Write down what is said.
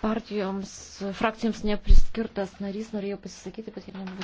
partijoms, frakcijoms nepriskirtas narys norėjo pasisakyti, bet jie nebuvo.